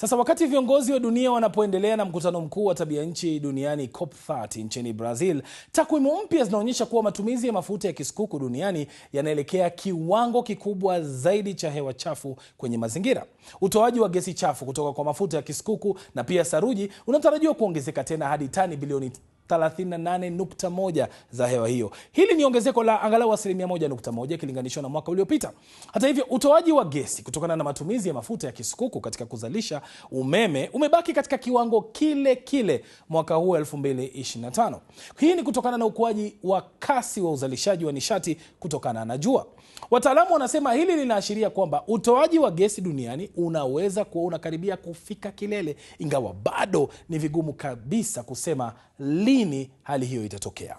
Sasa wakati viongozi wa dunia wanapoendelea na mkutano mkuu wa tabia nchi duniani COP30 nchini Brazil, takwimu mpya zinaonyesha kuwa matumizi ya mafuta ya kisukuku duniani yanaelekea kiwango kikubwa zaidi cha hewa chafu kwenye mazingira. Utoaji wa gesi chafu kutoka kwa mafuta ya kisukuku na pia saruji unatarajiwa kuongezeka tena hadi tani bilioni 38.1 za hewa hiyo. Hili ni ongezeko la angalau asilimia 1.1 ikilinganishwa na mwaka uliopita. Hata hivyo, utoaji wa gesi kutokana na matumizi ya mafuta ya kisukuku katika kuzalisha umeme umebaki katika kiwango kile kile mwaka huu 2025. Hii ni kutokana na ukuaji wa kasi wa uzalishaji wa nishati kutokana na jua. Wataalamu wanasema hili linaashiria kwamba utoaji wa gesi duniani unaweza kuwa unakaribia kufika kilele, ingawa bado ni vigumu kabisa kusema lini lini hali hiyo itatokea.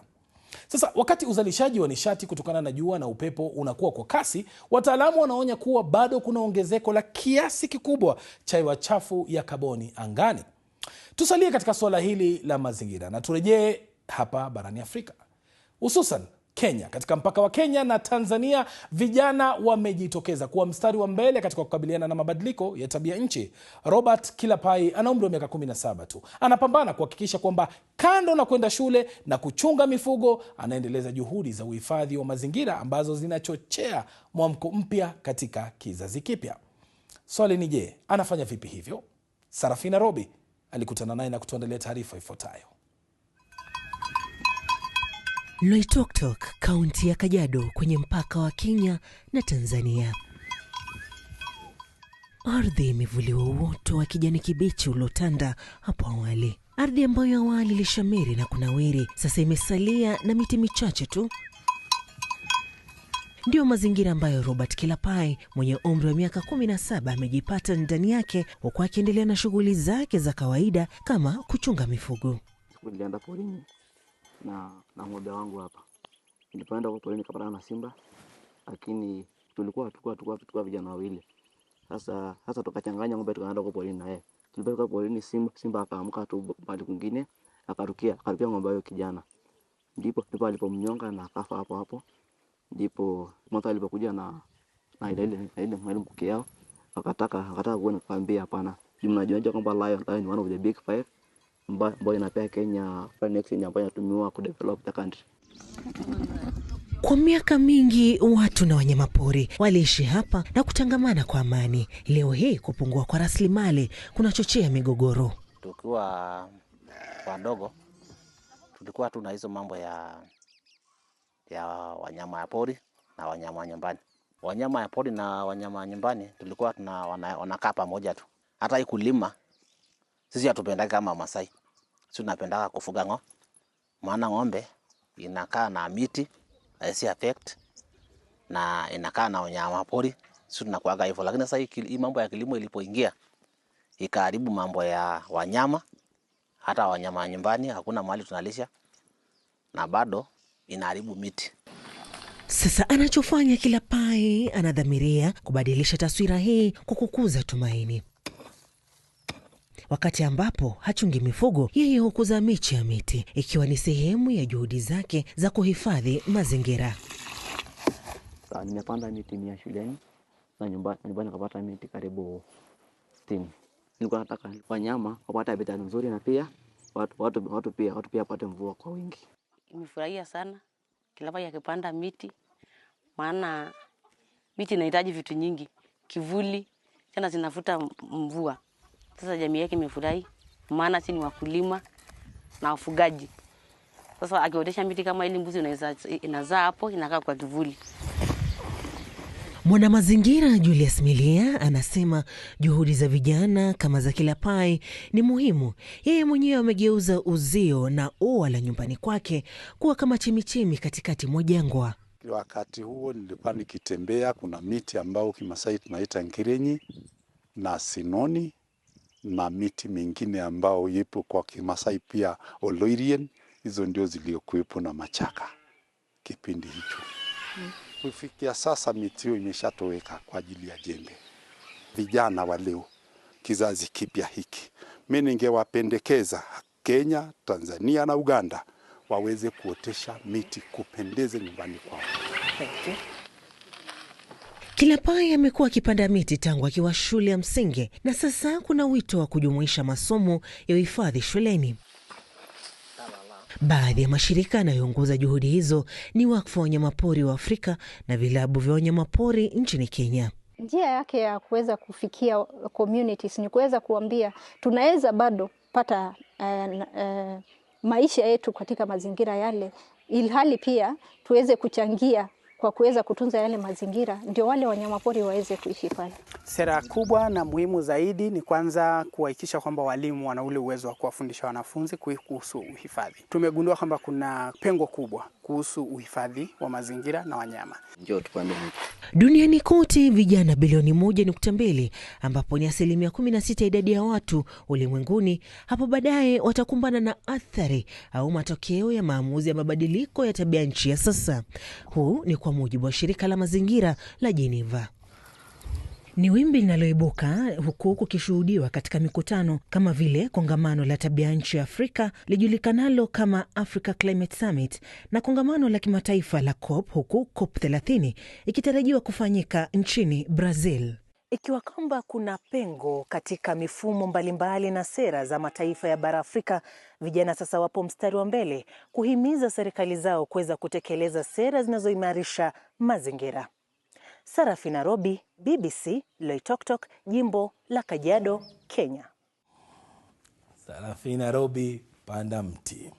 Sasa wakati uzalishaji wa nishati kutokana na jua na upepo unakuwa kwa kasi, wataalamu wanaonya kuwa bado kuna ongezeko la kiasi kikubwa cha hewa chafu ya kaboni angani. Tusalie katika suala hili la mazingira na turejee hapa barani Afrika, hususan Kenya. Katika mpaka wa Kenya na Tanzania, vijana wamejitokeza kuwa mstari wa mbele katika kukabiliana na mabadiliko ya tabia nchi. Robert Kilapai ana umri wa miaka 17 tu, anapambana kuhakikisha kwamba kando na kwenda shule na kuchunga mifugo, anaendeleza juhudi za uhifadhi wa mazingira ambazo zinachochea mwamko mpya katika kizazi kipya. Swali ni je, anafanya vipi hivyo? Sarafina Robi alikutana naye na kutuandalia taarifa ifuatayo. Loitoktok, kaunti ya kajado kwenye mpaka wa Kenya na Tanzania. Ardhi imevuliwa uoto wa kijani kibichi uliotanda hapo awali. Ardhi ambayo awali ilishamiri na kunawiri, sasa imesalia na miti michache tu. Ndiyo mazingira ambayo Robert Kilapai mwenye umri wa miaka kumi na saba amejipata ndani yake, huku akiendelea na shughuli zake za kawaida kama kuchunga mifugo na, na ng'ombe wangu hapa. Nilipoenda huko porini nikapatana na simba, lakini tulikuwa tukua tukua tukua vijana wawili. Sasa sasa tukachanganya ng'ombe tukaenda huko polini na yeye. Tulipotoka polini simba simba akaamka tu mahali kwingine akarukia akarukia ng'ombe huyo kijana. Ndipo ndipo alipomnyonga na akafa hapo hapo. Ndipo mtu alipokuja na na ile ile na ile mwalimu kukiao akataka akataka kuona kwambia hapana. Jumla Mnajua kwamba lion lion one of the big five ambayo inapea Kenya exchange ambayo inatumiwa develop the country. Kwa miaka mingi watu na wanyamapori waliishi hapa na kutangamana kwa amani. Leo hii kupungua kwa rasilimali kunachochea migogoro. Tukiwa wadogo, tulikuwa tuna hizo mambo ya, ya wanyama ya pori na wanyama wa nyumbani. Wanyama ya pori na wanyama wa nyumbani tulikuwa tuna wanakaa pamoja tu, hata ikulima sisi hatupendaki kama Masai si tunapendaka kufuga ng'o maana ng'ombe inakaa na miti haisi affect na inakaa na wanyama pori, si tunakuaga hivyo. Lakini sasa hii mambo ya kilimo ilipoingia ikaharibu mambo ya wanyama, hata wanyama nyumbani hakuna mahali tunalisha na bado inaharibu miti. Sasa anachofanya kila pai anadhamiria kubadilisha taswira hii kwa kukuza tumaini wakati ambapo hachungi mifugo, yeye hukuza miche ya miti ikiwa ni sehemu ya juhudi zake za kuhifadhi mazingira. Nimepanda miti mia shuleni na nyumbani kapata miti karibu sitini. Nilikuwa nataka wanyama wapate habitati nzuri na pia watu, watu, watu pia watu pia wapate mvua kwa wingi. Nimefurahia sana kilapa kipanda miti, maana miti inahitaji vitu nyingi, kivuli tena zinafuta mvua. Sasa jamii yake imefurahi, maana si ni wakulima na wafugaji. Sasa akiotesha miti kama ile, mbuzi inazaa hapo, inakaa kwa kivuli. Mwanamazingira Julius Milia anasema juhudi za vijana kama za kila pai ni muhimu. Yeye mwenyewe amegeuza uzio na ua la nyumbani kwake kuwa kama chemichemi katikati mwa jangwa. Wakati huo nilikuwa nikitembea, kuna miti ambayo Kimasai tunaita nkirenyi na sinoni na miti mingine ambao ipo kwa Kimasai pia Oloirien. Hizo ndio ziliokuwepo na machaka kipindi hicho Kufikia sasa miti hiyo imeshatoweka kwa ajili ya jembe. Vijana wa leo, kizazi kipya hiki, mi ningewapendekeza Kenya, Tanzania na Uganda waweze kuotesha miti kupendeze nyumbani kwao. Okay. Kilapai amekuwa akipanda miti tangu akiwa shule ya msingi na sasa kuna wito wa kujumuisha masomo ya uhifadhi shuleni. Baadhi ya mashirika yanayoongoza juhudi hizo ni Wakfu wa Wanyamapori wa Afrika na vilabu vya wanyamapori nchini Kenya. Njia yake ya kuweza kufikia communities ni kuweza kuambia tunaweza bado pata uh, uh, maisha yetu katika mazingira yale, ilhali pia tuweze kuchangia kwa kuweza kutunza yale mazingira, ndio wale wanyamapori waweze kuishi pale. Sera kubwa na muhimu zaidi ni kwanza kuhakikisha kwamba walimu wana ule uwezo wa kuwafundisha wanafunzi kuhusu uhifadhi. Tumegundua kwamba kuna pengo kubwa kuhusu uhifadhi wa mazingira na wanyama. Njoo tupande mti. Duniani kote vijana bilioni moja nukta mbili ambapo ni asilimia kumi na sita idadi ya watu ulimwenguni, hapo baadaye watakumbana na athari au matokeo ya maamuzi ya mabadiliko ya tabia nchi ya sasa. Huu ni kwa mujibu wa shirika la mazingira la Geneva. Ni wimbi linaloibuka huku kukishuhudiwa katika mikutano kama vile kongamano la tabia nchi ya Afrika lijulikanalo kama Africa Climate Summit na kongamano la kimataifa la COP, huku COP 30 ikitarajiwa kufanyika nchini Brazil. Ikiwa kwamba kuna pengo katika mifumo mbalimbali na sera za mataifa ya bara Afrika, vijana sasa wapo mstari wa mbele kuhimiza serikali zao kuweza kutekeleza sera zinazoimarisha mazingira. Sarafi Nairobi, BBC Loitoktok, jimbo la Kajiado, Kenya. Sarafi nairobi panda mti.